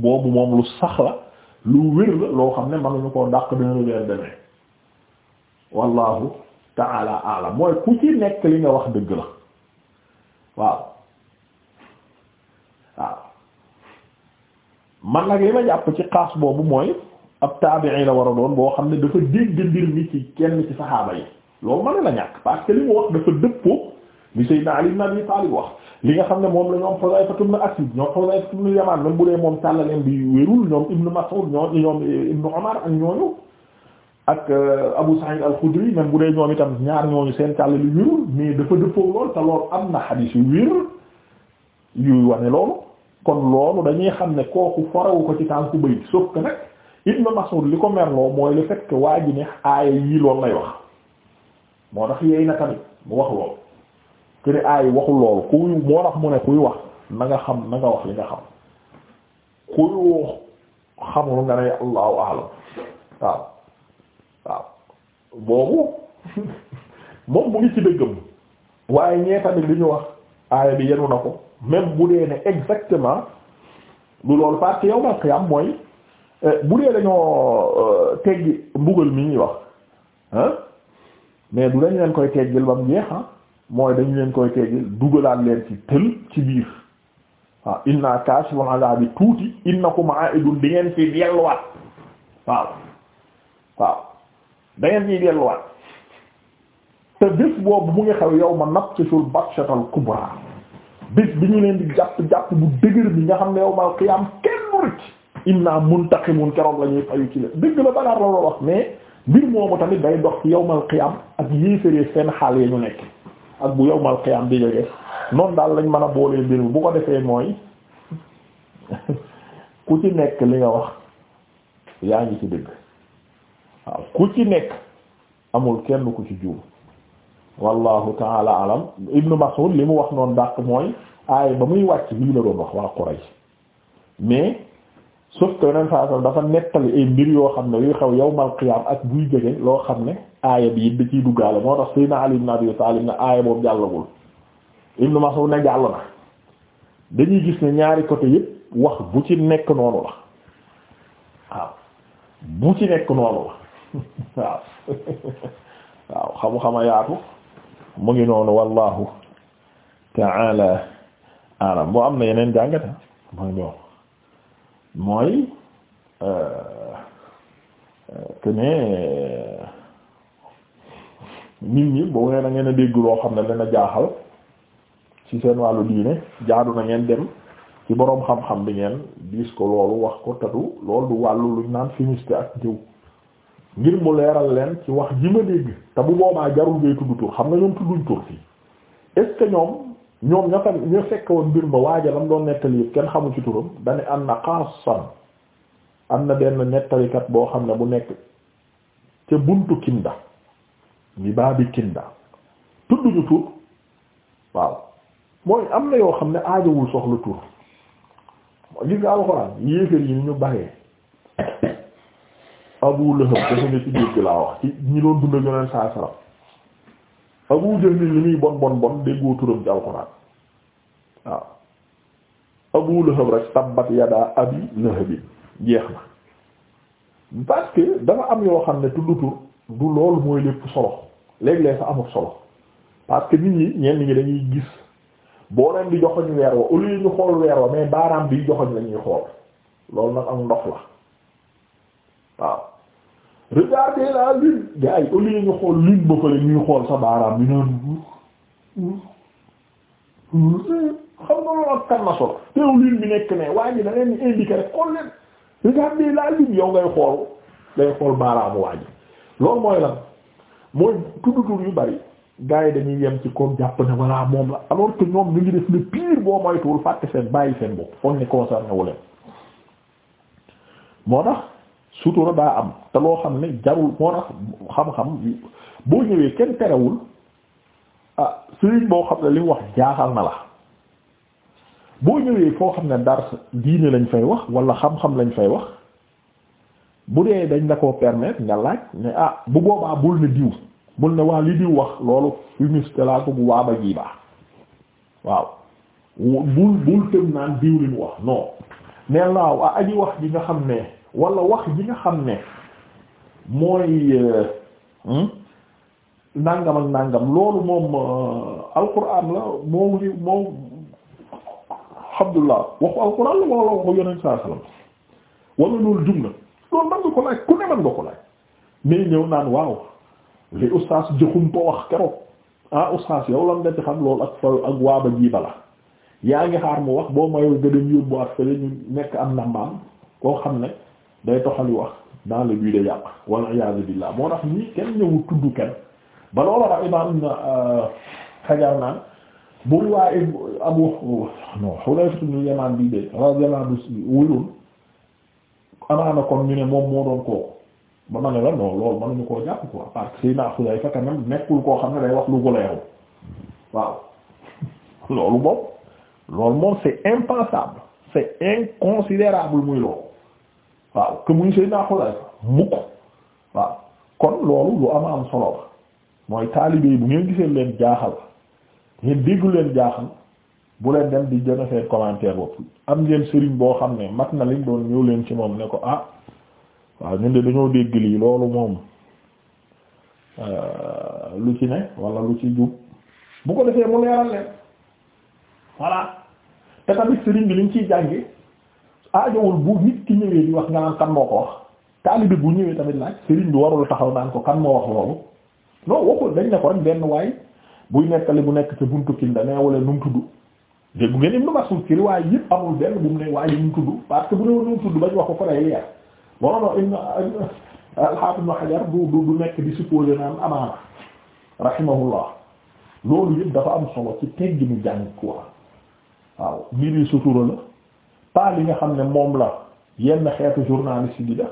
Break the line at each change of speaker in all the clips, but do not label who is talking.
boobu moom lu sax la lu wér loo xam ne mënuñu koo dàq dinañu weer demee wallahu taala alam mooy ku ci nekk li nga wax dëgg la waaw waaw man nag li ma jàpp ci xaas boobu mooy ab taabi'i la war a doon boo xam ne dafa dégg mbir mi ci kenn ci saxaaba yi loolu mën na la ñàkk parce li mu wax dafa dëppoo li Seydina Ali ibn Abi Talib wax li nga xam ne moom la ñoom Hudayfa ibn Asid ñoom Hudayfa ibn Yaman même bu dee moom tàllaleen bi wérul ñoom Ibn Mas'ud ñoo ñoom Ibn Umar ak ñooñu ak euh, Abu Sa'id al-Khudri même bu dee ñoom itam ñaar ñooñu seen tàllal yu wérul mais dafa dëppoo lool te loolu am na xadiis yu wér yuy wane loolu kon loolu dañuy xam ne kooku forewu ko ci tànku bëy sauf nag Ibn Mas'ud li ko merloo mooy le fait waa ji lay wax moo tax wax que ne aay waxul loolu kuy moo tax mu ne kuy wax na nga xam na wax li nga xam kuy wax xamul nga ne allahu alam waaw waaw boobu moom mu ngi ci dëggam waaye ñee tamit li ñu wax aaya bi yenu na ko même bu dee ne exactement lu loolu parce yow ma xiyam mooy eh, bu dee dañoo eh, teggi mbugal mi ñuy wax hein mais du dañ leen koy teggil ba mu jeex ah mooy dañu leen koy teggil dugalaat leen ci tël ci biir waaw inna kaashiful azaabi tuuti innakum a'idun di ngeen fi delluwaat waaw waaw da ngeen fi delluwaat te bés boobu mu ngi xew yawma nabtishul batshatal kubra bés bi ñu leen di jàpp jàpp bu dëgër bi nga xam ne yawmal qiyaam kenn mu rëcc inna muntaqimun keroog la ñuy fayu ci la dëgg la banaar la wax mais mbir moomu tamit day dox ci yawmal qiyaam ak yéeféree seen xaal yi ñu nekk ak bu yowmal qiyaam di jege noonu daal lañ mën a boolee mbir mi bu ko defee mooy ku ci nekk li nga wax yaa ngi ci dëgg waaw ku ci nekk amul kenn ku ci juum wallahu taala alam ibnu Mas'ud li mu wax noon dàq mooy aay ba muy wàcc lii la doon wax waa Quraysh mais sauf que yeneen saa dafa nettali ay mbir yoo xam ne yuy xew yowmal qiyaam ak buy jege loo xam ne aaya bi it da ciy duggaale moo tax Seydina Ali ibn Abi Talib ne aaya boobu jàllagul Ibn Mas'ud ne jàll na dañuy gis ne ñaari côté yëpp wax bu ci nekk noonu la waaw bu ci nekk noonu la waaw xamu-xama mu ngi noonu wallahu ta'ala alam boo am na yeneen jàngata mooy bon mooy euh, euh, que ne nit ñi boo ngeen a ngeen a dégg loo xam ne dana jaaxal ci seen wàllu diine jaadu na ngeen dem ci boroom xam-xam bi ngeen diis ko loolu wax ko tatu loolu du wàllu luñ naan fumiste ak jiw ngir mu leeral leen ci wax ji ma dégg te bu boobaa jarul ngay tudd tur xam nga ñoom tudduñ tur fii est ñoom ñoom ña fa ña fekk woon mbir ma waajalam doon nettali yëpp kenn xamu ci turam dañu am na xaasan am na benn nettalikat boo xam ne bu nekk ca buntu Kinda. bi baabi kinda tudduñu tur waaw mooy am na yoo xam ne aajowul soxla tur gis nga alxuraan yéeféer yi ñu baree Abu Lahab dafa ne ci biir gi laa wax ci ñi doon dund ak yoneen saa salaam Abu Jahl li muy bon bon bon déggoo turam ci alxuraan waaw Abu Lahab rek tabbat yadaa abi lahabin jeex na parce que am yoo xam ne tudd tur du loolu mooy lépp solo léeg-léeg sa amul solo parce que nit ñi ñenn ñi dañuy gis boo leen di joxoñ weer wa au lieu ñu xool weer wa mais baaraam bi joxoñ la ñuy xool loolu nag am ndox la waaw regardez la lune gars yi au lieu ñu xool lune ba fële ñuy xool sa baaraam bi naan xam nga loolu ak kan na te lune bi nekk ne waa ji da leen rek xool leen regardez la lune yow ngay xool ngay xool baaraamu waa ji mooy lan mooy tudd yu bari gaa yi dañuy yem ci koom jàpp ne voilà moom la alors que ñoom ñu ngi def le pire boo moytuwul fàtte seen bàyyi seen bopp foog ni concerné wu leen moo tax sutura daa am te loo xam ne jarul moo tax xam-xam boo ñëwee kenn terewul ah sëriñ boo xam ne li wax jaaxal na la boo ñëwee foo xam ne dars diine lañ fay wax wala xam-xam lañ fay wax bu dee dañ la koo permettre nga laaj ne ah bu boobaa bul ne diw. bul ne waa li di wax loolu fumiste laa ko bu waaba ji baax waaw bul bul tëm naan diw li mu wax non ne a aji wax ji nga xam ne wala wax ji nga xam ne mooy euh, hmm? nàngam ak nàngam loolu moom euh, alquran la moom moom alhamdulillah waxu alquran la wala waxu yonent saa sallam wala loolu jum na loolu man nga ko laaj ku ne man nga ko laaj mais ñëw naan waaw li ustaas joxum ko wax keroog ah ustaas yow lan nga ci xam loolu ak waaba jiiba la yaa ngi xaar mu wax boo mayoo gën a yóbbu ak fële nekk am nambaam koo xam ne day toxali wax dans le but de yàq walla iyaazu billaah moo tax ñii kenn ñëwu tudd kenn ba loola tax imaam xajar euh, naan bu riwaayé abu non Xudayfa ibn Yamaan bi de radiyallaahu anhu wulul amaana kon ñu ne moom moo doon kooku ba ma ne la non loolu mënuñu koo jàpp quoi parce que Seydina Xudayfa quand même nekkul koo xam ne day wax lu goleeru waaw loolu moom loolu moom c'est impensable c'est inconsidérable muy loolu waaw que muy Seydina Xudayfa mukk waaw kon loolu lu ama am solo la mooy taalibe yi bu ngeen gisee leen jaaxal ngeen déggu leen jaaxal bu leen dem di jënd seen commentaire bopp am ngeen sëriñ boo xam ne mat na liñ doon ñëw leen ci moom ne ko ah waaw ñun de dañoo dégg lii loolu moom euh, lu ci ne wala lu ci jub bu ko defee mu leeral leen voilà te tamit sëriñ bi liñ ciy jànge aajowul bu nit ki ñëwee di wax nga naan kan moo ko wax taalibe bu ñëwee tamit laaj sëriñ bi warul taxaw naan ko kan moo wax loolu non waxul dañ ne ko rek benn waay buy nettali bu nekk ca buntu Kinda nee wala nu mu tudd dégg ngeen Ibn Mas'ud ci riwaay yëpp amul benn bu mu ne waaye nu mu tudd parce bu ne woon nu mu wax ko ko lay bon non al-Hafiz Ibn Hajar du du nekk di supposé naan amaana rahimahullah loolu yëpp dafa am solo ci teggi mu jàng quoi waaw mbir sutura la pas li nga xam ne moom la yenn xeetu journaliste di def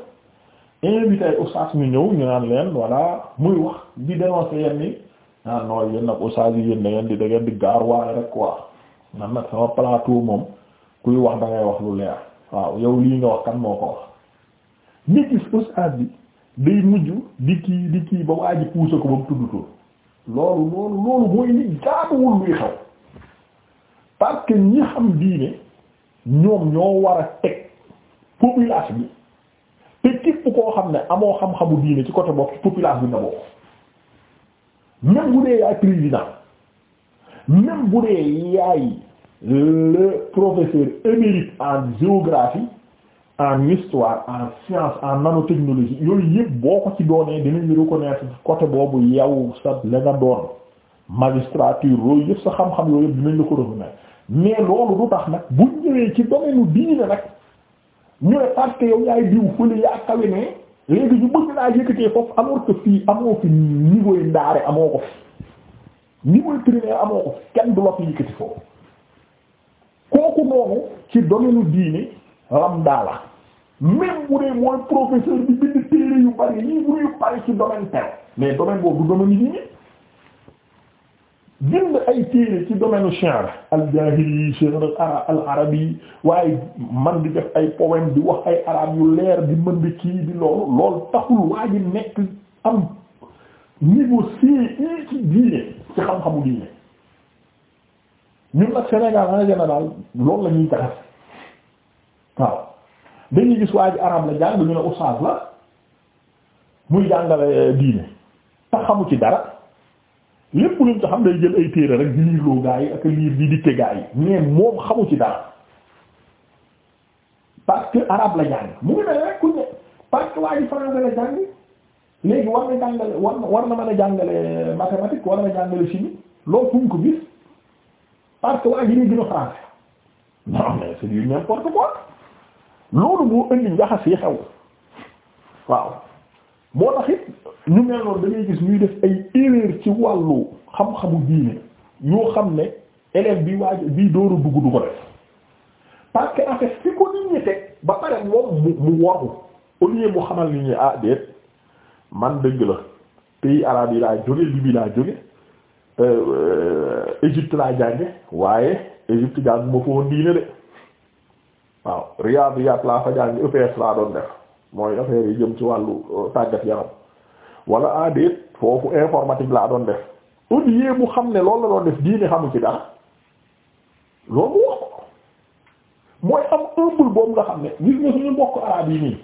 invité ay ustaas ñu ñëw ñu naan leen voilà muy wax di dénoncer yenn yi naan ah, nooy yéen nag ustaas yi yéen da ngeen di da ngeen di gaar waaye rek quoi nan nag sama plateau moom kuy wax dangay wax lu leer waaw yow lii nga wax kan moo ko wax nga gis ustaas bi day mujj di kii ba waa ji puusa ko ba mu tuddutoo loolu loolu loolu mooy li jaaduwul luy xaw parce que ñi xam diine ñoom ñoo war a teg population bi te képp koo xam ne amoo xam-xamu diine ci côté bokk population bi nga bokk même bu dee yaay président même bu dee yaay le professeur émérite en géographie en histoire en science en nanotechnologie yooyu yëpp boo ko ci doonee dinañu reconnaître côté boobu yow sa la nga doon magistrature yooyu yëpp sa xam-xam yooyu yëpp dinañ la ko reconnaître mais loolu du tax nag bu ñëwee ci domaine diine nag ñu ne parce que yow yaay diw fële yaa kawe léegi ñu bëgg naa foofu amoo ko fii amoo fi niveau yi amoo ko fi niveau primaire amoo ko fi kenn du la fi yëkkati foofu kooku noonu ci domaine diine. lambda la même bu dee mooy professeur bi bind téere yu bari livre yu bari ci domaine tel mais domaine boobu domaine yi nii bind ay téere ci domaine shi'r al-jaahili shi'r al-arabi waaye man di def ay poème di wax ay arab yu leer di mën di kii di loolu loolu taxul waa ji nekk am niveau CI ci diine ci xam-xamu diine ñun ak Sénégal en général loolu la ñuy taxas waaw dañuy gis waa ji la jàng ñu ne oustaz la muy jàngale diine te xamu ci dara lépp luñ ko xam day jël ay téere rek di liirloo gaa yi ak liir di dikke gaa yi mais moom xamu ci dara parce que arab la jàng mu ngi ne rek ku ne parce que waa ji français la jàng léegi war na jàngale war na war mën a jàngale mathématique war na jàngale chimie loolu fu ko gis parce que waa ji ñu gën a français non mais c'est du n'importe quoi loolu moo indi njaxas yi xew waaw moo tax ñu mel noonu gis ñuy def ay erreur ci wàllu xam-xamu diine yoo xam ne élève bi waaj bii dooru dugg du ko def parce que en ko nit teg ba pare moom mu mu waru au mu xamal nit ñi ah déet man dëgg la pays arabe yi laa jóge Libye laa jóge euh, euh, Égypte laa jànge waaye Égypte jànguma foofu diine de waaw Riyadiyat laa fa jàng EPS laa doon def mooy affaire yi jëm ci wàllu euh, tàggat yaram wala aadéet ah, foofu informatique laa doon def au lieu bu xam ne loolu la doon def diine xamu ci dara loolu wax ko mooy am humble boobu nga xam ne gis suñu mbokk araab nii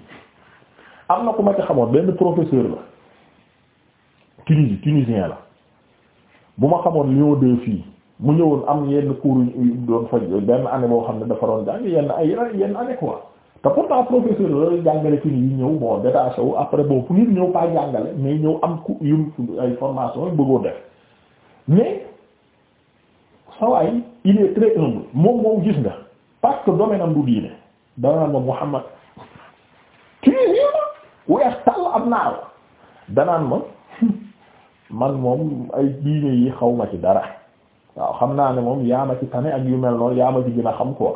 am na ku ma ci xamoon benn professeur la Tunisie tunisien la bu ma xamoon Lyon 2 fii mu ñëwoon am yenn cours yu doon faj benn année boo xam ne dafa doon jàng yenn ay yenn année quoi te pourtant professeur loolu jàngale ci yi ñëw bon détaché wu après bon pour nit ñëw pas jàngale mais ñëw am ku yu ay formation yu bëggoo def mais sawaay il est moom moom gis nga parce que domaine am du diine danaa ma Muhammad kii nii weex tàll am naaw danaan ma man moom ay diine yi xaw ma ci dara waaw xam naa ne moom yaa a ci tane ak yu mel noonu yaa ma ci gën a xam quoi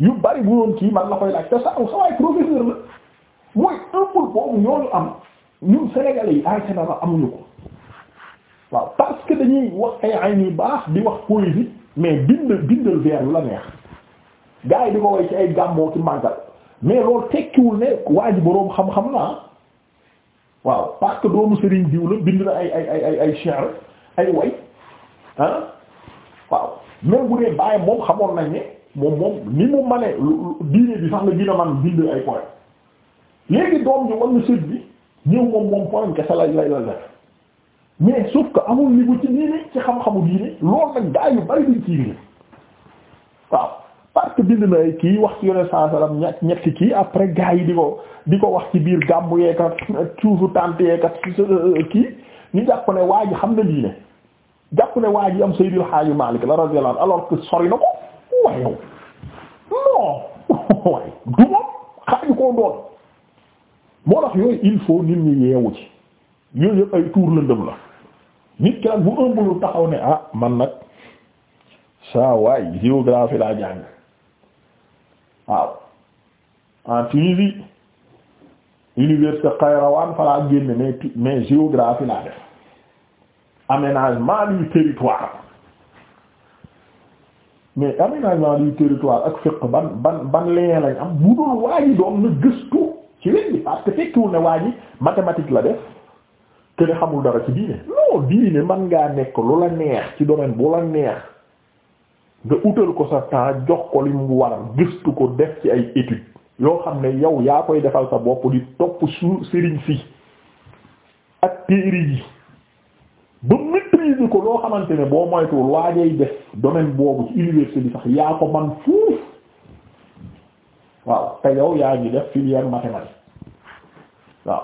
yu bari bu doon kii man la koy laaj te sa sa waay professeur la mooy ëppul boobu ñooñu am ñun sénégalais yi ay sénégalais amuñu ko waaw parce dañuy wax ay ay yu baax di wax poésie mais bindal bindal vers yu la neex gars yi di ko way ci ay gàmmoo ci màggal mais loolu tekkiwul ne waa ji boroom xam-xam naa ah. waaw parce que doomu Serigne diw la bind na ay ay ay ay ay ay ah. même bu dee bàyyi moom xamoon nañ ni moom moom ni mu mane diine bi sax la gën a man bind ay poème léegi doom ñu wan sët bi ñëw moom moom poème kese la lay la def mais sauf que amul li bu ci diine ci xam-xamu diine loolu nag gaa yu bari duñ ci biir waaw parce que bind na ay kii wax ci yone saa salaam ñett ñetti kii après gaa yi di ko di ko wax ci biir gàmmu yeekat suufu tànt yeekat kii ñu jàpp ne waa ji xam na diine jàpp ne waa ji am Seydil Haaji Malik la radiyallahu anhu alors que sori na ko waaye yow non du moom xaaju koo doon moo tax yooyu il faut nit ñi yeewu ci yooyu yëpp ay tuur lëndëm la nit ki nag bu ëmbalu taxaw ne ah man nag saa waay géographie laa jàng waaw en Tunisie université Kairouan fa laa génne mais géographie laa def aménagement du territoire mais aménagement du territoire ak fiqh ban ban ban lien lañ am bu dul waa ji doon na gëstu ci wet bi parce que fekkiwul ne waa ji mathématique la def te ne xamul dara ci diine non diine man ngaa nekk lu la neex ci domaine bu la neex nga utal ko sa temps jox ko li mu war gëstu ko def ci ay étude yoo xam ne yow yaa koy defal sa bopp di topp su sëriñ si ak téere yi ba maîtriser ko loo xamante ne boo moytuwul waajay def domaine boobu ci université bi sax yaa ko man fuuf waaw te yow yaa ngi def filière mathématique waaw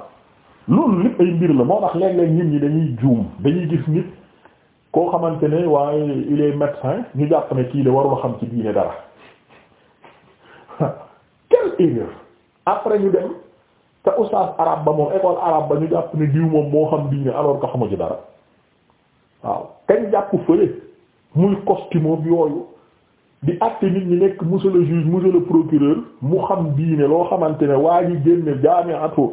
loolu lépp ay mbir la moo tax léeg-léeg nit ñi dañuy juum dañuy gis nit koo xamante ne waaye il est médecin ñu jàpp ne kii de warul xam ci diine dara quelle erreur après ñu dem te oustaz arabe ba moom école arabe ba ñu jàpp ne diw moom moo xam diine alors que xamu ci dara waaw kañ jàpp fële muy costume bi yooyu di àtte nit ñi nekk monsieur le juge procureur mu xam diine loo xamante ne waa ji génne jaami'atu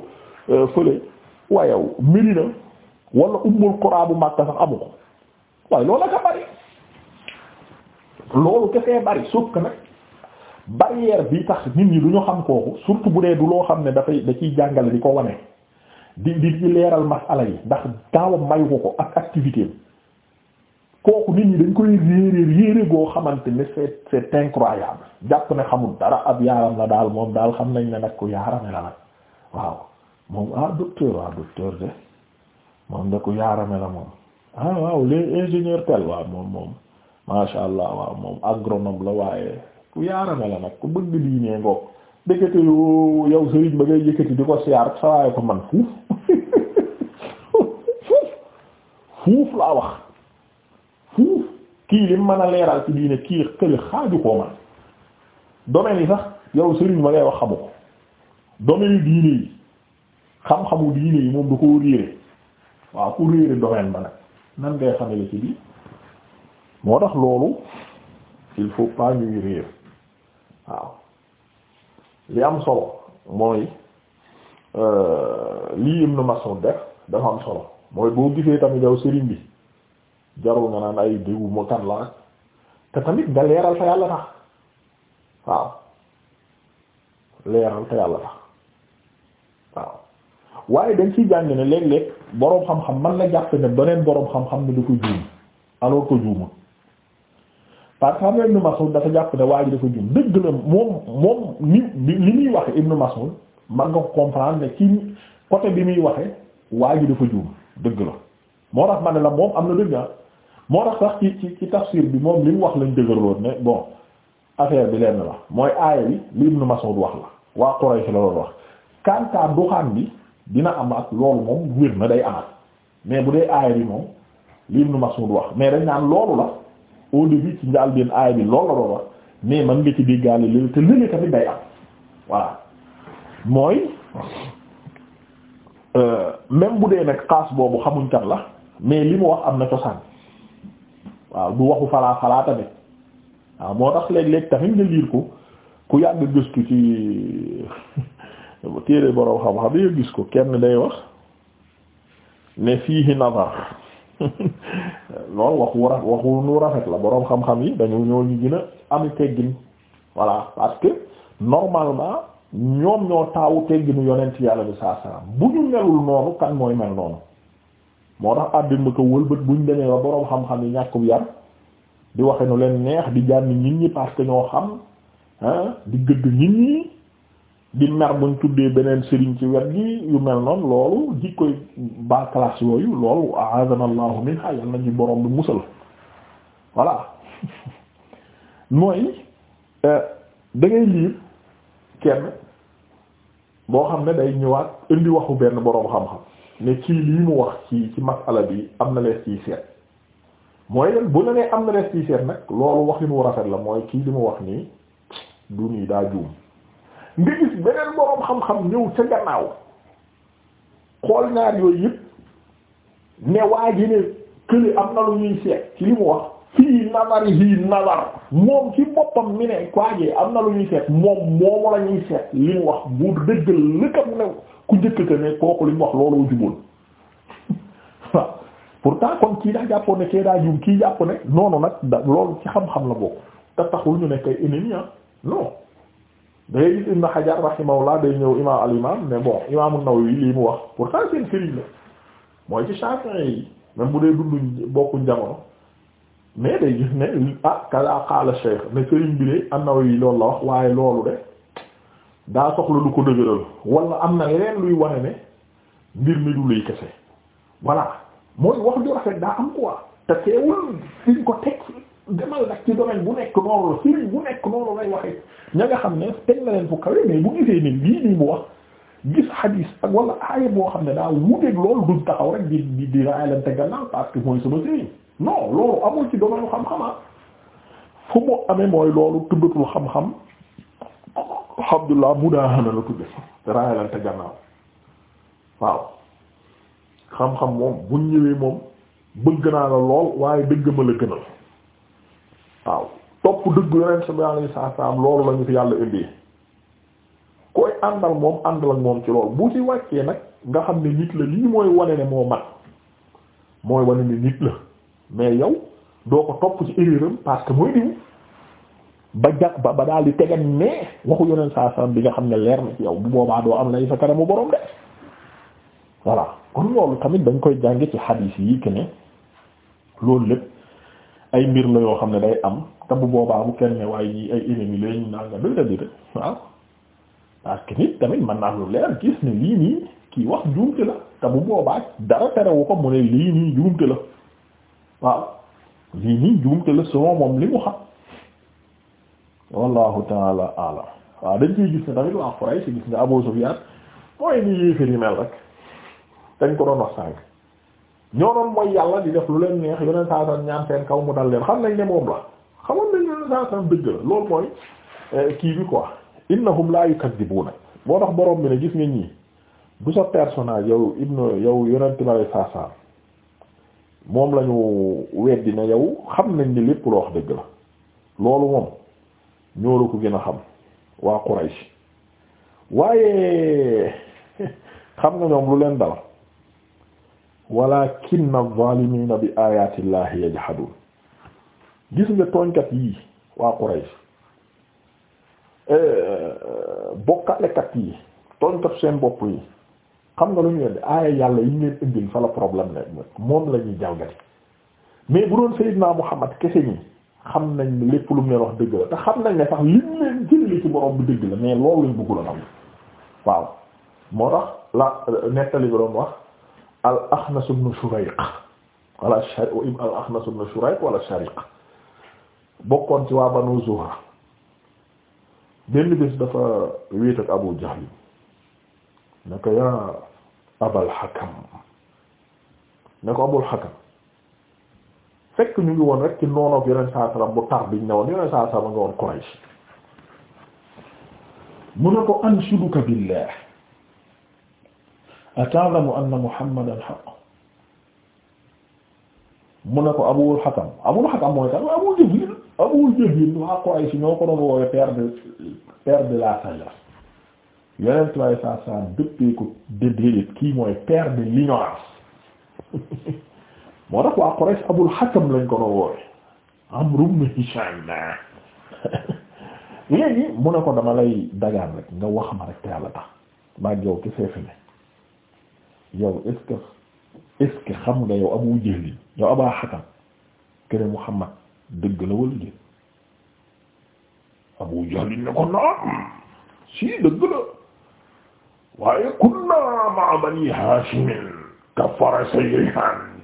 euh, fële wayow Medina wala ummul Qura bu Makka sax amu ko waaye loolu la bari loolu kefee bari sauf que nag barrière bi tax nit ñi du ñu xam kooku surtout bu dee du loo xam ne dafay da ciy jàngale di ko wane di di di leeral masala yi ndax daawam mayu ko ko ak activité kooku nit ñi dañ koy yéeréer yéeré goo xamante ni c'est c'est incroyable jàpp ne xamul dara ab yaaram la daal moom daal xam nañ ne nag ku yaarame la nag waaw moom ah docteur waaw ah, docteur de moom da ku yaarame la moom ah waaw les ingénieur tel waaw moom moom masha allah waaw moom agronome la waaye ku yaarame la nag ku bëgg diinee ngoog dëkkate yo yow sëriñ ba ngay yëkkati di ko siyaar sa waaye ko man fuuf fuuf laa wax fuuf kii lim mën a leeral ci diine kii kële xaaju koo man domaine yi sax yow sëriñ ma ngay wax xamu ko domaine diine yi xam-xamu diine yi moom du ko réere waaw ku réere domaine ba nag nan ngay xamele ci bi moo tax loolu il faut pas ñuy réer waaw li am solo mooy euh, lii Ibn Mas'ud def dafa am solo mooy boo gisee tamit yow sëriñ bi jarul nga naan ay déggu ma kan la te tamit nga leeral te yàlla tax waaw leeral te yàlla tax waaw waaye dañ ciy jàng ne léeg-léeg boroom xam-xam man na jàpp ne beneen boroom xam-xam ne da ko juum alors que juuma parce que xam nga Ibnu Mas'ud dafa jàpp ne waa ji dafa juum dëgg la moom moom ni li muy waxe Ibnu Mas'ud man nga ko comprendre ne ci côté bi muy waxe waa ji dafa juum dëgg la moo tax ma ne la moom am na dëgg ah. moo tax sax ci ci ci bi moom li mu wax lañ dëgërloon ne bon affaire bi lenn la mooy aaya bi li Ibn Mas'ud wax la waa Quraysh la loolu wax kantaa duxaan bi dina am ak loolu moom wér na day amal mais bu dee aaya bi moom li Ibn Mas'ud wax mais dañ naan loolu la au début bi loolu la doon mais man nga ci déggaale léegi te léegi tamit day am voilà mooy euh, même bu dee nekk xaas boobu xamuñ kat la mais li mu wax am na cosaan waaw du waxu falaa falaa tamit waaw moo tax léeg-léeg tamit nga liir ko ku yàgg gëstu ci téere boroom xam gis ko kenn day wax ne fiihi nazar loolu rafet la boroom xam-xam yi dañu ñëw ñu gën a am teggin voilà parce que normalement ñoom ñoo taawu tegginu yonent yàlla bi saa saa bu ñu melul noonu kan mooy mel noonu moo tax àddina ko wëlbët buñ demee ba boroom xam-xam yi ñàkkub yar di waxe nu leen neex di jànni ñii ñi parce ñoo xam di gëdd nit ñi di mer buñ tuddee beneen sëriñ ci wet gi yu mel noonu loolu di koy ba classe yooyu loolu a'azanallahu minha yal nañu boroom bi musal voilà mooy euh, da ngay liir kenn boo xam ne day ñëwaat indi waxu benn boroom xam-xam ne kii lii mu wax ci ci masala bi am na lees ciy seet mooy len bu la nee am na lees ciy seet nag loolu wax rafet la mooy kii li mu wax nii du nii daa juum nga gis beneen boroom xam-xam ñëw ca gannaaw xool ñaar yooyu yëpp ne waa ji këli am na lu ñuy seet ci li mu wax fii nazar yi nazar moom ci boppam mi ne waa ji am na lu ñuy seet moom moomu la seet li mu wax bu dëgg lëkkam new ku njëkk ne kooku li mu wax looloo juboon waaw pourtant kii daa jàppoon ne kee daa kii jàpp ne noonu nag da loolu ci xam-xam la bokk te taxul ñu nekk ay ennemis ah non day gis Ibn Hajar rahimahullah ñëw imaam al imaam mais bon imaam an-Nawawi lii mu wax pourtant seen sëriñ la mooy ci Shafi'i yi même bu dee dunduñ bokkuñ jamono mais day gis ne ah kala qaala Cheikh ne sëriñ bi de an-Nawawi loolu la wax waaye loolu de. daa soxla lu ko dëgëral wala am na leneen luy wane ne mbir mi du luy kese voilà mooy wax du rafet daa am quoi te teewul fiñ ko teg demal nag ci domaine bu nekk noonu lay waxee ña nga xam ne teg na leen fu kawe mais bu gisee ni lii nii mu wax gis xadiis ak wala aaya boo xam ne daa wuteeg loolu du taxaw rek di di di raayalante gannaaw parce que mooy sama sëriñ non loolu amul ci domaine xam-xama fu mu amee mooy loolu tuddatul xam-xam Abdullah Mudaahana la tudde raayalante gannaaw waaw xam-xam moom buñ ñëwee moom bëgg naa la lool waaye dëgg ma la gënal waaw topp dëgg yonent sallallahu alayhi wasallam loolu ci loolu bu ci wàccee nag nga xam ne nit la lii mooy wane ne moo mat mooy wane ne nit la mais yow doo ko topp ci erreuram parce mooy diw ba jag ba ba daal di tegan mais waxu yoneen saa saam bi nga xam ne leer na ci bu boobaa doo am lay sa kanamu borom de voilà kon loolu tamit dañ koy jànge ci xadiis yi que ne loolu lépp ay mbir la yoo xam ne day am te bu boobaa bu kenn ne waaye ñii ay ennemis la ñu naan nga doy na di rek waaw parce que nit tamit mën naa lu leer gis ne lii nii kii wax juumte la te bu boobaa dara terewu ko mu ne lii nii juumte la waaw lii nii juumte la selon moom li mu wallahu taala alam waaw dañ ciy gis ne tamit waa Quraysh si gis nga Abu Sufyan mooy ni yéefér yi mel rek dañ ko doon wax sànq ñoo doon mooy yàlla di def lu leen neex yoneen saa ñaan seen kaw mu dal leen xam nañ ne moom la xamoon nañ yoneen saa san dëgg la loolu eh, kii bi quoi innahum la yukadibuna boo gis nga ñii du sa yow ibnu yow yonent moom la ñu dina yow xam nañ ni lépp loo wax dëgg la loolu moom ñoo la ko gën a xam waa Quraysh waaye xam nga ñoom lu leen dal walakinna adh-dhalimina bi ayati llahi yajhadun gis nga tooñkat yii waa Quraysh euh, bokkalekat yi tooñkat seen bopp yi xam nga lu ñu weddi aaya yàlla yi ñu leen indil fa la problème ne moom la ñuy jalgati mais bu doon Sayyidna Muhammad kese ñi xam nañ lépp lu mu leen wax dëgg la te xam nañ ne sax li mu leen jëlee ci borom bi dëgg la mais loolu lañ bëggul a waaw moo tax la nettali bi doon wax al Axnas ibn Shurayq wala Shariq bokkoon ci waa Banu Zuhra benn bés dafa wéet Abu Jahl ne ko yaa Abal Hakam ne ko Abul Hakam fekk ñu ngi woon rek ci noonoog yoneen saa salaam bu tar biñ ne woon yoneen saa salaam nga woon Quraysh mu ne ko anshuduka billah ata'lamu anna Muhammadan mu ne ko Abul Hakam Abul Hakam mooy tax Abul Jahl Abul Jahl waa Quraysh ñoo ko doon woowe père de père de la sagesse yonent lay saa saa dëppee ko déedéet de l'ignorance moo tax waa Quraysh Abul Hakam lañ ko doon woowe Amr ibn Hisham léegi mu ne ko dama lay dagaan rek nga wax ma rek te yàlla tax maag yow ki yow est-ce xam nga yow Abu Jahl yow Aba Hakam kene Muhammad dëgg la wala jël Abu Jahl ne ko naam si dëgg la waaye kunna ma'a bani Hashim kafara sayyi'an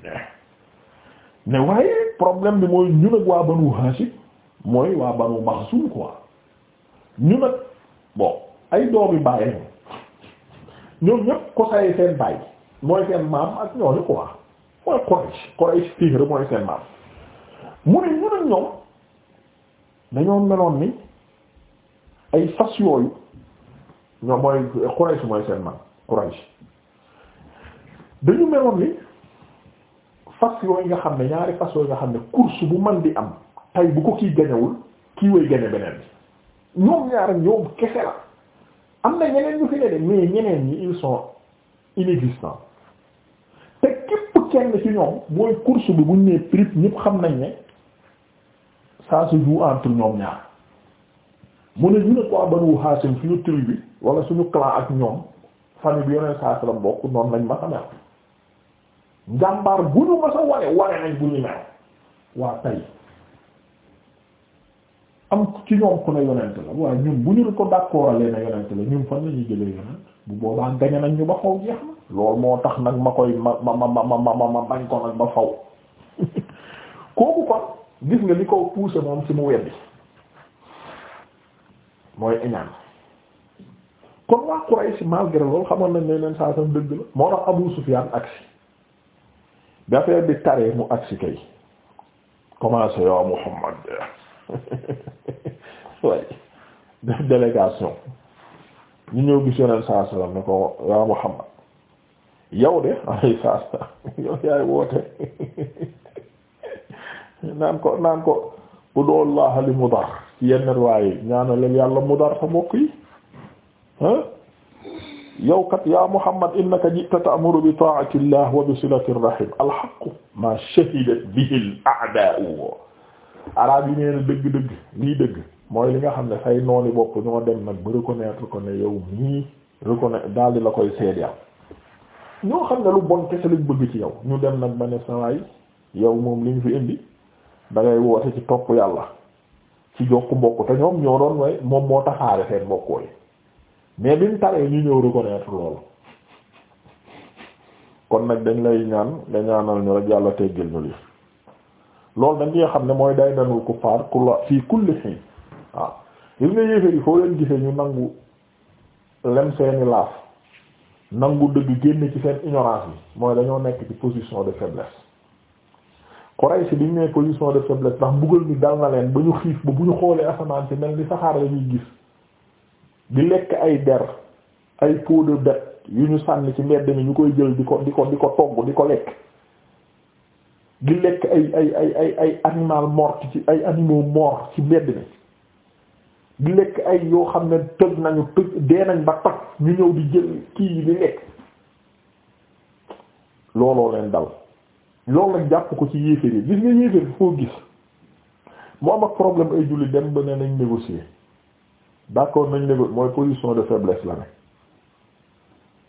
ne waaye problème bi mooy ñun ak waa banu Hashim mooy waa banu Maxsum quoi ñun ak bon ay doomi bàyyi lañu ñoom ñëpp ko say seen bàyyi mooy seen maam ak ñooñu quoi mooy Quraysh Quraysh Fihr mooy seen maam mu ne ñun ak ñoom dañoo meloon ni ay fas yooyu ñoom mooy Quraysh mooy seen maam Quraysh dañu meloon ni fas yooyu nga xam ne ñaari fas yooyu nga xam ne course bu man di am tay bu ko kii gañewul kii way gañe beneen bi ñoom ñaar ñoom kese la am na ñeneen ñu fi ne de mais ñeneen ñi ils sont inexistants te képp kenn ci ñoom mooy course bi buñ nee prix ñëpp xam nañ ne ça se joue entre ñoom ñaar mu ne ñu ne quoi Banu Hashim suñu tribu bi wala suñu clan ak ñoom famille bi yoneen saa la bokk noonu lañ ma xamee njàmbaar bu ñu mës a wane wane nañ bu ñu mel waa tay am ci ñoom ku ne yonent la waaye ñun bu ñu ko d'accord alee na yonent la ñun fan la ñuy yonent bu boobaa gañe nañ ñu ba xaw jeex na loolu moo tax nag ma koy ma ma ma ma ma ma bañ ko nag ba faw kooku kon gis nga li ko poussé moom ci mu weddi mooy iñaan kon waa Quraysh malgré loolu xamoon nañ ne leen saa sam dëgg la moo tax Abu Sufyan aksi bi affaire bi taree mu agsi kay commencé yow Muhammad waaye def ñu ñëw gis yoneen saa salaam ne ko yaa Muhammad yow de alayhi salaam yow yaay woote naan ko naan ko bu dool laaxali mudar ci yenn riwaaya ñaanaleel yàlla mudar sa mbokk yi yow kat yaa Muhammad innaka ji'ta ta'muru bi ta'ati llah wa bi silati rahim alhaqqu ma shahidat bihi al-a'daa'u arab yi nee dëgg-dëgg lii dëgg mooy li nga xam ne say nooni bopp ñoo dem nag ba reconnaître ko ne yow mii reconnaître daal la koy seedeel ñoo xam ne lu bon kese lañ bëgg ci yow ñu dem nag ba ne sawaay yow moom li ñu fi indi da ngay woote ci topp yàlla ci jokk mbokk te ñoom ñoo doon way moom moo taxaare seen mbokkoo mais bi mu taree ñu ñëw reconnaître loolu kon nag dañ lay ñaan nga ñaanal ñu rek yàlla teggal ñu li loolu dañ ñuy xam ne mooy day danul kufaar kula fii kulli hin waaw gis nga yéeféer yi foo leen gisee ñu nangu lem seeni laaf nangu dëgg génn ci seen ignorance bi mooy dañoo nekk ci position de faiblesse Quraysh bi ñu ne position de faiblesse ndax mbugal mi dal na leen ba ñu xiif ba bu ñu xoolee asamaan si mel ni saxaar lañuy gis di lekk ay der ay pot de yu ñu sànni ci mbedd mi ñu koy jël di ko di ko di ko togg di ko lekk di lekk ay ay ay ay animal mort ci ay animaux morts ci mbedd mi di lekk ay yoo xam ne tëj nañu tëj dee nañ ba toj ñu ñëw di jël kii yi di lekk looloo leen dal loolu nag jàpp ko ci yéeféer yi gis nga yéeféer foo gis mu am ak problème ay julli dem ba ne nañ négocier d'accord nañ négo mooy position de faiblesse la ne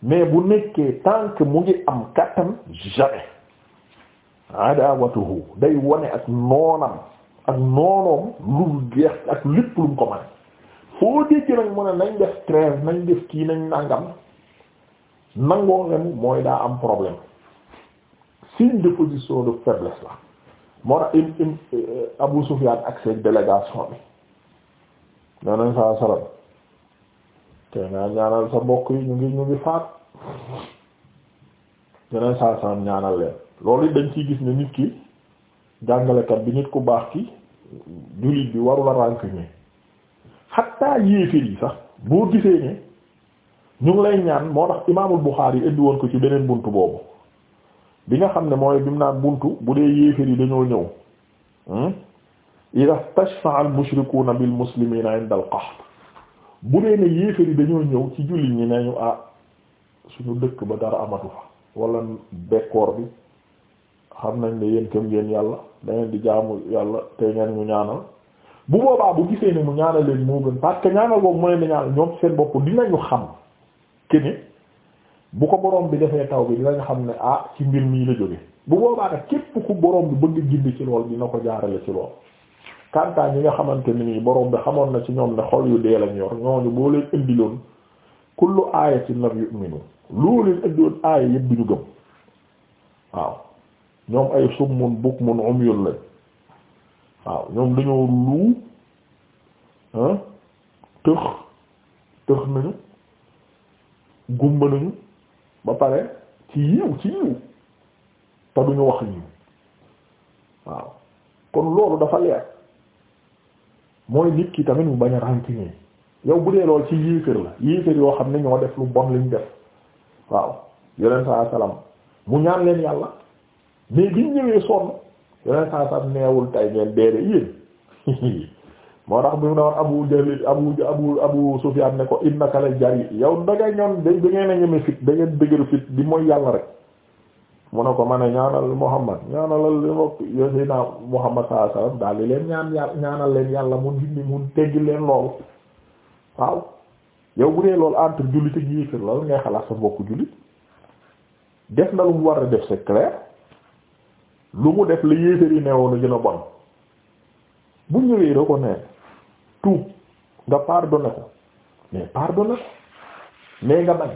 mais bu nekkee tant mu ngi am kattan jamais adawatuhu day wone ak noonam ak noonoom lu geex ak lépp lu ko mën foo dégg nag mu nañ def trêve nañ def kii nañ nangam nangoo mooy daa am problème signe de position de faiblesse la moo tax im im euh, Abu Sufyan ak seen délégation bi yoneen saa salam te nga ñaanal sa mbokk yi ñu ngi ñu ngi faat yoneen saa salam ñaanal leen loolu dañ ciy gis ni nit ki jàngalekat bi nit ku baax ki jullit bi warula rancune xatta yéeféer yi sax boo gisee ne ñu ngi lay ñaan moo tax imaamul Buxaari indi woon ko ci beneen buntu boobu bi nga xam ne mooy bi mu naan buntu bu dee yéeféer yi dañoo ñëw hmm? ida stashfa'a al-mushrikuuna bil-muslimiina 'inda al-qahr bu dee ne yéefar yi dañoo ñëw ci julli ñi nañu ah suñu dëkk ba dara amatu fa wala bekkoor bi xam nañ ne yéen këm ngeen yàlla da di jaamu yàlla te ngeen ñu ñaanal bu boobaa bu gisee ne mu ñaanal leen moo gën parce que ñaanal boobu mu leen di ñaanal ñoom seen bopp dinañu xam ke bu ko boroom bi defee taw bi dinañu xam ne a ah, ci mbir mii la jóge bu boobaa nag képp ku borom bi bëgg gindi ci lool dina ko jaarale ci lool kantaa ñi nga xamante ne nii borom bi xamoon na ci ñoom ne xol yu dee lañ yor ñooñu boo leen indiloon kullu aayatin lam yu'minu loo leen indiloon aaya yëpp bi ñu gëm waaw ñoom dañoo luu ah, tëx tëx nañu gumba nañu ba pare ci yiw ci yiw te duñu wax yiw waaw kon loolu dafa leer mooy nit ki tamit mu bañ a rancunier yow bu dee lool ci yéeféer la yéeféer yoo xam ne ñoo def lu bon liñ def waaw yoneen saa salaam mu ñaan leen yàlla mais biñ ñëwee sonn yoneen saa salaam neewul tay ngeen deede yéen moo tax bu mu ne woon abu jali abu abu abu sufyan ne ko innaka la jari yow da ngay ñoon da ñeme fit da ngeen dëgër fit di mooy yàlla rek mu ne ko ma ne ñaanal Muhammad ñaanalal li Muhammad sallallahu daal di leen ñaan yàlla ñaanal leen yàlla mu dindi mu teggi leen loolu waaw yow bu dee loolu entre jullit ak yéefir loolu ngay xalaat sa mbokku jullit def na lu mu war a def c'est lu mu def la yéefir yi neewoon a gën a bon bu ñëwee da ne tuub nga pardonné ko mais pardonné mais nga bañ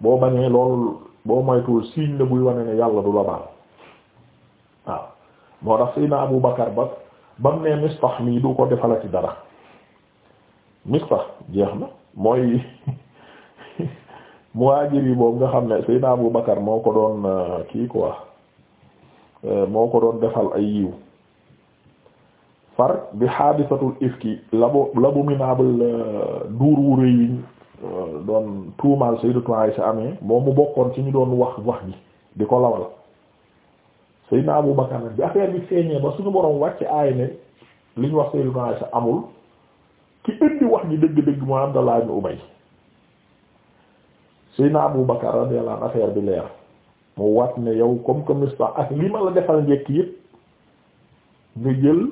boo bañee loolu boo moytuwul signe la buy wane ne yàlla du la baal waaw moo tax Seydina Abu Bakar ba ba mu ne Mistah mii du ko defalati dara Mistah jeex na mooy muwaajir yi boobu nga xam ne Seydina Abu Bakar moo ko doon euh, kii quoi euh, moo ko doon defal ay yiw far bi xaadisatul ifki labo labominable euh, duur wu rëy Euh, doon tuumaal Sayyidatu Aisha amee moom mu bokkoon ci ñu doon wax wax ji di ko lawal Sayyidna Abu Bakar bi affaire bi feeñee ba suñu borom wàcc aay ne li ñu wax Sayyidatu Aisha amul ki indi wax ji dëgg-dëgg moo Abdallah ibn Ubay Sayyidna Abu Bakar radiyallahu anhu affaire bi leer mu wat ne yow comme que Mistah ak li ma la defal njëkk yëpp nga jël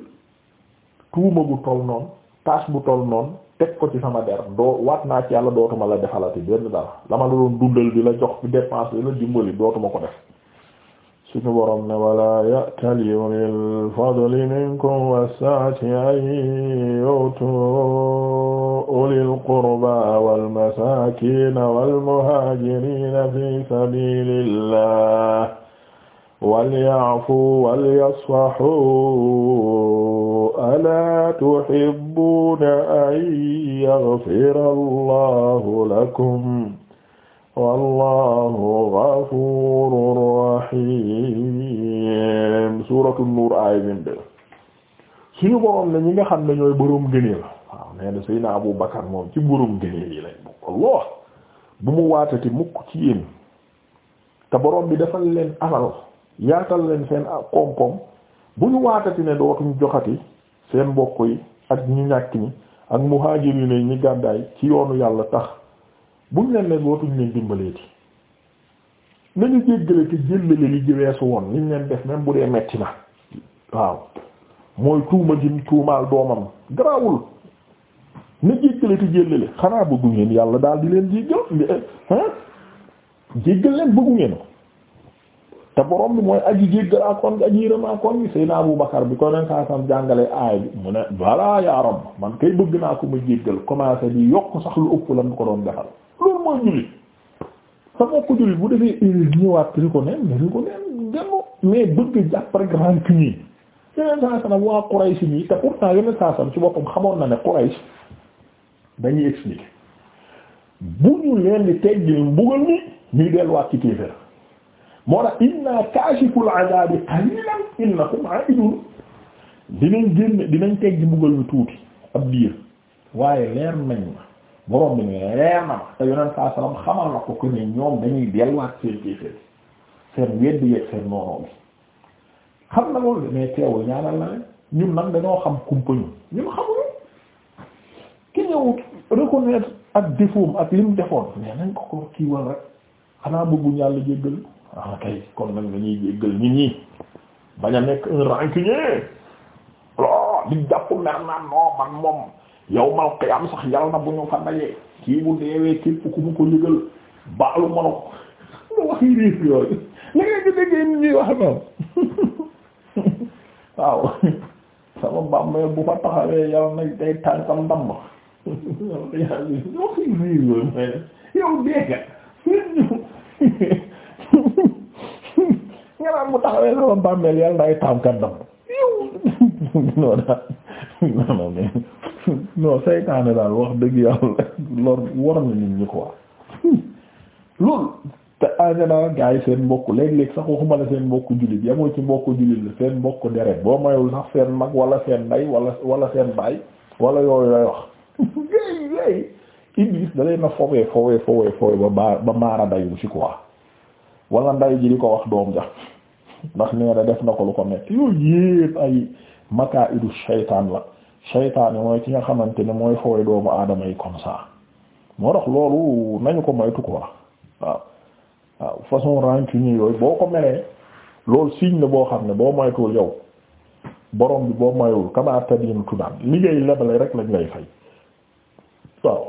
tuuma bu toll noonu tache bu toll noonu. teg ko ci sama der doo waat naa ci yàlla dootuma la defalati benn dara la ma la doon dundal di la jox bi la dimbali dootuma ko def suñu borom ne wala ya'tali ulil fadli minkum was-sa'ati an yu'tu ulil qurba wal masakin fi sabilillah walya'fu walyasfahu alaa tuhibbuuna an yaghfira allahu lakum wallahu ghafuurun rahiim suuratu nuur aaya vingt-deux suñu boroom la ñi nga xam ne ñooy boroom gëneel waaw nee na Seydina Abu Bakar moom ci boroom gëneel yi lay bokk Allah bu mu waatati mukk ci yéen te boroom bi defal leen alal yaatal leen seen koom-koom bu ñu waatati ne dootuñ joxati seen mbokk yi ak ñu ñàkk ñi ak muhaajir yi ne ñi gàddaay ci yoonu yàlla tax buñ leen ne dootuñ leen dimbaleeti nañu jéggale te jëllale li jëweesu woon liñ leen def même bu dee metti na waaw mooy tuuma jim tuumaal doomam garaawul na jéggale te jëllale xanaa bëggu yàlla daal di leen jéggal eh, eh, jéggal leen bëggu ngeen ko te borom bi mooy aji jéggalaa kon aji yërëmaa bi Seydina Abu Bakar bi koy leen jàngale aay bi mu ne voilà yaa Rabb man kay bëgg naa ko ma jéggal commencé di yokk sax lu ëpp lan ko doon defal loolu mooy jullit sa mbokku jullit bu defee erreur ñëwaat ri ko neen ne ri ko neen gennu mais bëgg jàpp rek rancune yeneen saa sanam waa Quraysh nii te pourtant yeneen saa sam ci boppam xamoon na ne Quraysh dañuy expliquer bu ñu leen di teggil moo tax inna kaashiful azaabi qalilan innakum aa'idun dinañ génn dinañ teggi mbugal ñu tuuti ab diir waaye leer nañ ma borom bi ne leer na ma te na ko que ne ñoom dañuy delluwaat seen kéeféer teewul ñaanal na leen ñun nag dañoo xam kumpa ñu ñun xamuñu ki ñëw reconnaître ak défaut ak lim defoon mais nañ ko ko kiiwal rek xanaa bëgguñ yàlla jéggal ah kay kon nag dañuy jéggal nit ñi bañ a nekk un rancunier lo di jàpp mer naan non man moom yow mal qiyam sax yal na bu ñu fa dajee kii bu deewee képp ku mu ko yëgal baalu manu la wax yi riif yooyu la ngay di déggee nit ñuy wax noonu waaw sama bàmmeel bu fa taxawee yal na day tànkam ndam wax yi riif yooyu mooy yow dégg naan mu taxawee sama bàmmeel yàlla day taamkat dam non non non non seytaane daal wax dëgg yàlla lor war na nit ñi quoi loolu te en général gars yi seen mbokk léeg-léeg sax waxuma la seen mbokk jullit yamoo ci mbokk jullit la seen mbokk deret boo mayul sax seen mag wala seen ndey wala wala seen baay wala yooyu lay wax yéy yéy Iblis da leen a fowee fowee fowee fowee ba ba maara dayu ci quoi wala nday ji di ko wax doom ja ndax nee def na ko lu ko metti yooyu yépp ay makaa idu shaytaan la shaytaan yi mooy ki nga xamante ne mooy fooy doomu aadama yi comme ça moo tax loolu nañu ko moytu ko wax waaw waaw façon rancune yooyu boo ko melee loolu signe la boo xam ne boo moytuwul yow boroom bi boo mayul kama tadinu tudaan li ngay lebale rek lañ lay fay waaw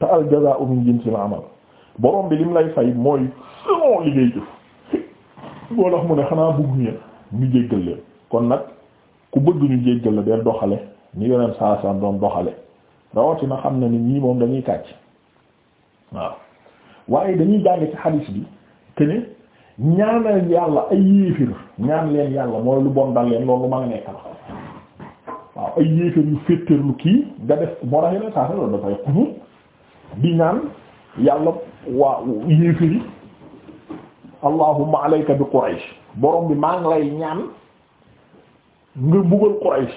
te al jazaa'u min jinsil amal borom bi lim lay fay mooy selon liggéey jëf boo tax mu ne xanaa bëgg ngeen ñu jéggal leen kon nag ku bëgg ñu jéggal la dee doxale ni yoneen saa saa doon doxale rawatina xam na ni ñii moom dañuy kàcc waaw waaye dañuy jàng ci xadiis bi te ne yàlla ay yéefir ñaan leen yàlla mooy lu bon dal leen loolu lu mën nekk la waaw ay yéefir yu féeteerlu kii nga def moo tax yeneen saa saa dafay xunu di ñaan yàlla waa yéefir allahumma alayka bi Quraysh borom bi maa ngi lay ñaan nga buggal Quraysh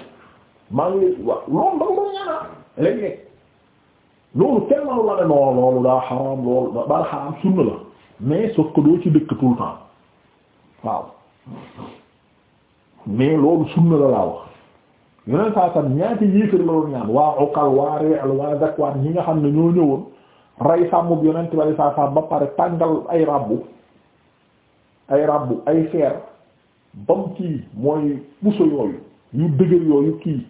maa ngi lay waaw loolu da nga doon ñaana loolu tellement lu la ne non loolu daa xaraam loolu daa xaraam sunna la mais sauf que doo ci dëkk tout le waaw mais loolu sunna la laa wax yeneen saa tam ñaati yéefar la doon ñaan waa Uqal waa Ri'l waa Zakwaan ñi nga xam ne ñoo ñëwoon rey sàmm bu yonent bari saa saa ba pare tàngal ay rabbu ay rabbu ay xeer bam kii mooy puso yooyu yu dëgër yooyu kii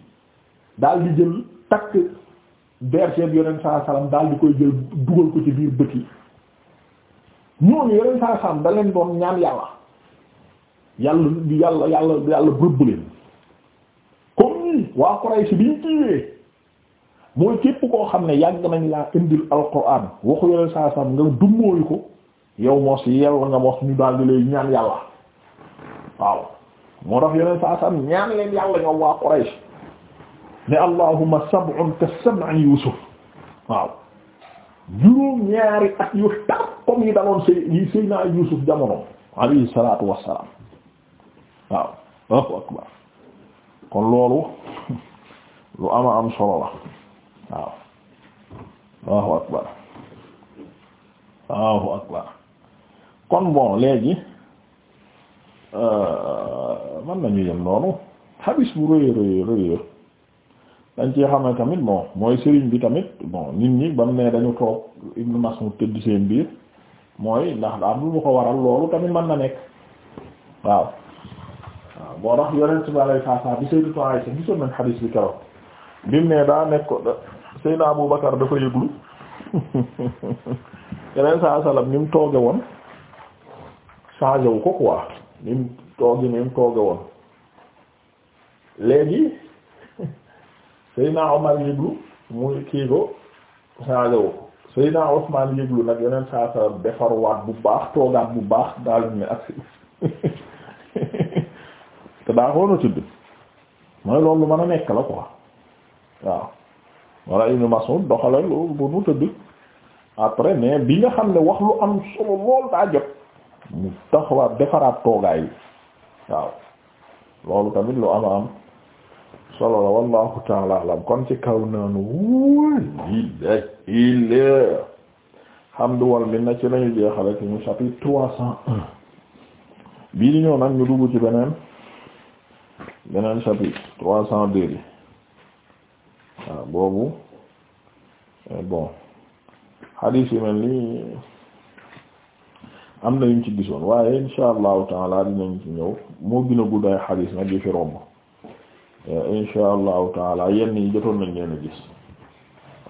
dal di jël takk berger yoneen saa salaam daal di koy jël dugal ko ci biir bët yi ñooñu yoneen saa salaam da leen doon ñaan yàlla yàlla yàlla yàlla yàlla bëbb leen comme nii waa Quraysh bi ñu kiiwee mooy képp koo xam ne yàgg nañ laa indil alquran waxu yoneen saa salaam nga dummóoyu ko yow mos yell nga mos ñu daal di lay ñaan yàlla waaw moo tax yeneen saa sam ñaan leen yàlla ñoom waa Quraysh ne allahumma sab'un ka sab'i Yuusuf waaw juróom ñaari at yu tar comme yi daloon sëy jamono alayhi salaatu akbar kon lu ama am solo la akbar Allahu akbar kon bon léegi euh, man nañu yem noonu xabis bu rëy rëy dañ ci xam ne tamit bon mooy sëriñ bi tamit bon nit ñi ba mu ne dañu toog Ibnu Mas'ud tëdd seen biir mooy ndax daa am lu ko waral loolu tamit mën na nekk waaw waaw boo tax yonent bi alayhi salaam bi Sayyidatu Aisha gisoon nañ xadiis bi keroog bi mu ne daa nekk Sayyidina Abu Bakar dafa yëglu yeneen saa salaam ni mu toogee woon changé wu ko quoi ni mu toogi ni mu tooge woon léegi Seydina Omar yëglu mu kii ko changé wu ko yëglu nag yeneen saa saa defarwaat bu baax toogaat bu baax daal ne ak si te daa ko war mooy loolu mën a nekk la quoi waaw walla Ibn doxale lu bu nu tëdd après mais bi nga xam ne wax lu am solo lool daa jot mu taxawaat defaraat toogaay yi waaw loolu tamit lu ama am solo la wallahu taala alam kon ci kaw naanu wuuy lillah illa hamdu wal minna ci lañu jeexale ci mu chapitre trois cent un bii di ñu dugg ci beneen beneen chapitre trois cent deux waaw boobu eh, bon hadith yi mel nii am na yuñ ci gisoon waaye insha allahu taala dinañ ci ñëw moo gën a gudd ay xadiis nag yi fi romb insha allahu taala yenn yi jotoon nañ leen a gis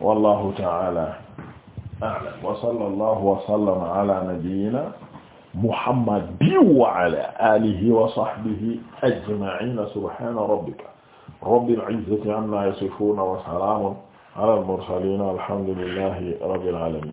wallahu taala a'lam wa sallallahu wa sallama ala nabiyyina muhammadin wa ala alihi wa sahbihi ajma'ina subhana rabbika rabbil izzati amma yasifuna wa salamun ala al mursalin walhamdulillahi rabbil alamin